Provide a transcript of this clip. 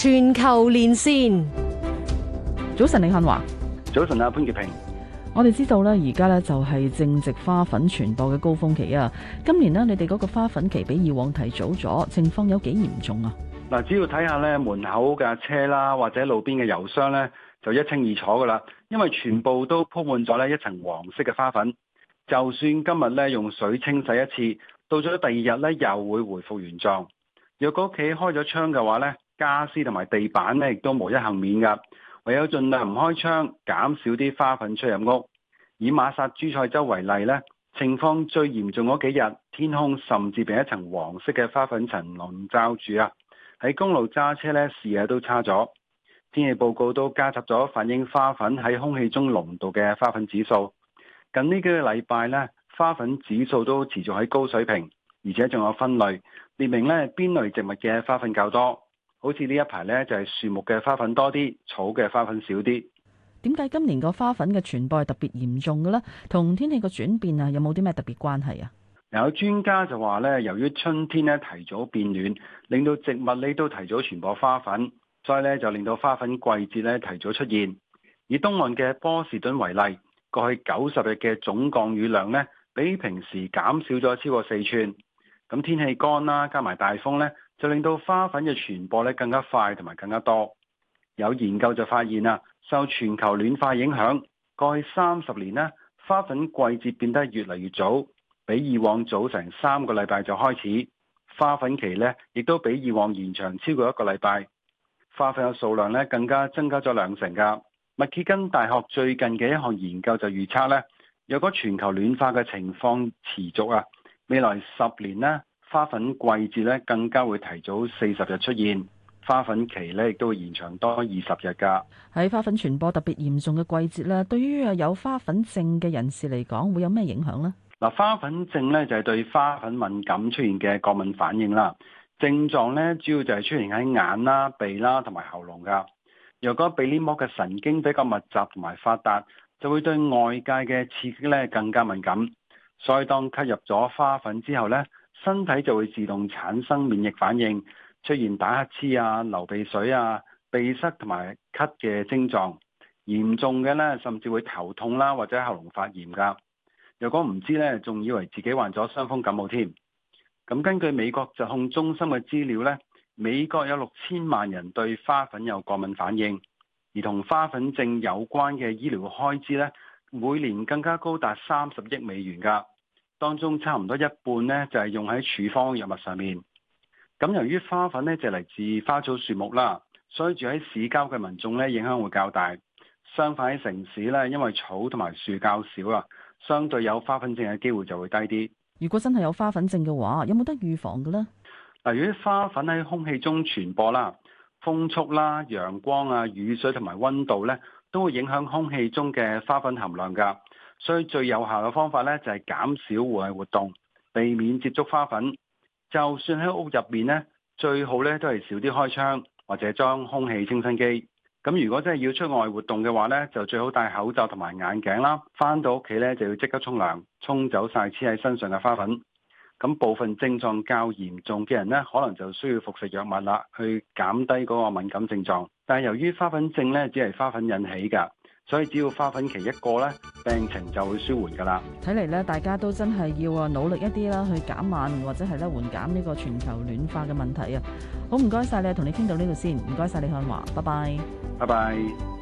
全球連線，早晨李漢華，早晨啊潘潔平。我哋知道咧，而家咧就係正值花粉傳播嘅高峰期啊。今年呢，你哋嗰個花粉期比以往提早咗，情況有幾嚴重啊？嗱，只要睇下咧門口架車啦，或者路邊嘅油箱咧，就一清二楚噶啦。因為全部都鋪滿咗咧一層黃色嘅花粉，就算今日咧用水清洗一次，到咗第二日咧又會回復原狀。若果屋企開咗窗嘅話咧，家私同埋地板呢亦都無一幸免噶。唯有盡量唔開窗，減少啲花粉出入屋。以馬薩諸塞州為例呢，情況最嚴重嗰幾日，天空甚至被一層黃色嘅花粉層籠罩住啊！喺公路揸車呢，視野都差咗。天氣報告都加插咗反映花粉喺空氣中濃度嘅花粉指數。近呢幾個禮拜呢，花粉指數都持續喺高水平，而且仲有分類列明呢邊類植物嘅花粉較多。好似呢一排呢，就係樹木嘅花粉多啲，草嘅花粉少啲。點解今年個花粉嘅傳播係特別嚴重嘅呢？同天氣個轉變啊，有冇啲咩特別關係啊？有專家就話呢，由於春天呢，提早變暖，令到植物呢都提早傳播花粉，所以呢，就令到花粉季節呢提早出現。以東岸嘅波士頓為例，過去九十日嘅總降雨量呢，比平時減少咗超過四吋。咁天氣乾啦、啊，加埋大風呢，就令到花粉嘅傳播呢更加快同埋更加多。有研究就發現啦，受全球暖化影響，過去三十年呢，花粉季節變得越嚟越早，比以往早成三個禮拜就開始。花粉期呢，亦都比以往延長超過一個禮拜。花粉嘅數量呢，更加增加咗兩成㗎。密歇根大學最近嘅一項研究就預測呢，若果全球暖化嘅情況持續啊～未來十年咧，花粉季節咧更加會提早四十日出現，花粉期咧亦都會延長多二十日噶。喺花粉傳播特別嚴重嘅季節咧，對於啊有花粉症嘅人士嚟講，會有咩影響呢？嗱，花粉症咧就係對花粉敏感出現嘅過敏反應啦。症狀咧主要就係出現喺眼啦、鼻啦同埋喉嚨噶。若果鼻黏膜嘅神經比較密集同埋發達，就會對外界嘅刺激咧更加敏感。所以當吸入咗花粉之後咧，身體就會自動產生免疫反應，出現打乞嗤啊、流鼻水啊、鼻塞同埋咳嘅症狀。嚴重嘅咧，甚至會頭痛啦、啊，或者喉嚨發炎噶。若果唔知咧，仲以為自己患咗傷風感冒添。咁根據美國疾控中心嘅資料咧，美國有六千萬人對花粉有過敏反應，而同花粉症有關嘅醫療開支咧。每年更加高達三十億美元㗎，當中差唔多一半呢，就係用喺處方藥物上面。咁由於花粉呢，就嚟自花草樹木啦，所以住喺市郊嘅民眾呢，影響會較大。相反喺城市呢，因為草同埋樹較少啊，相對有花粉症嘅機會就會低啲。如果真係有花粉症嘅話，有冇得預防嘅呢？嗱，如花粉喺空氣中傳播啦，風速啦、陽光啊、雨水同埋溫度呢，都會影響空氣中嘅花粉含量噶，所以最有效嘅方法咧就係減少戶外活動，避免接觸花粉。就算喺屋入面呢，最好咧都係少啲開窗，或者裝空氣清新機。咁如果真係要出外活動嘅話咧，就最好戴口罩同埋眼鏡啦。返到屋企咧就要即刻沖涼，沖走晒黐喺身上嘅花粉。咁部分症狀較嚴重嘅人呢，可能就需要服食藥物啦，去減低嗰個敏感症狀。但係由於花粉症咧，只係花粉引起㗎，所以只要花粉期一過咧，病情就會舒緩㗎啦。睇嚟咧，大家都真係要啊努力一啲啦，去減慢或者係咧緩減呢個全球暖化嘅問題啊！好唔該晒，你同你傾到呢度先，唔該晒，李漢華，拜拜，拜拜。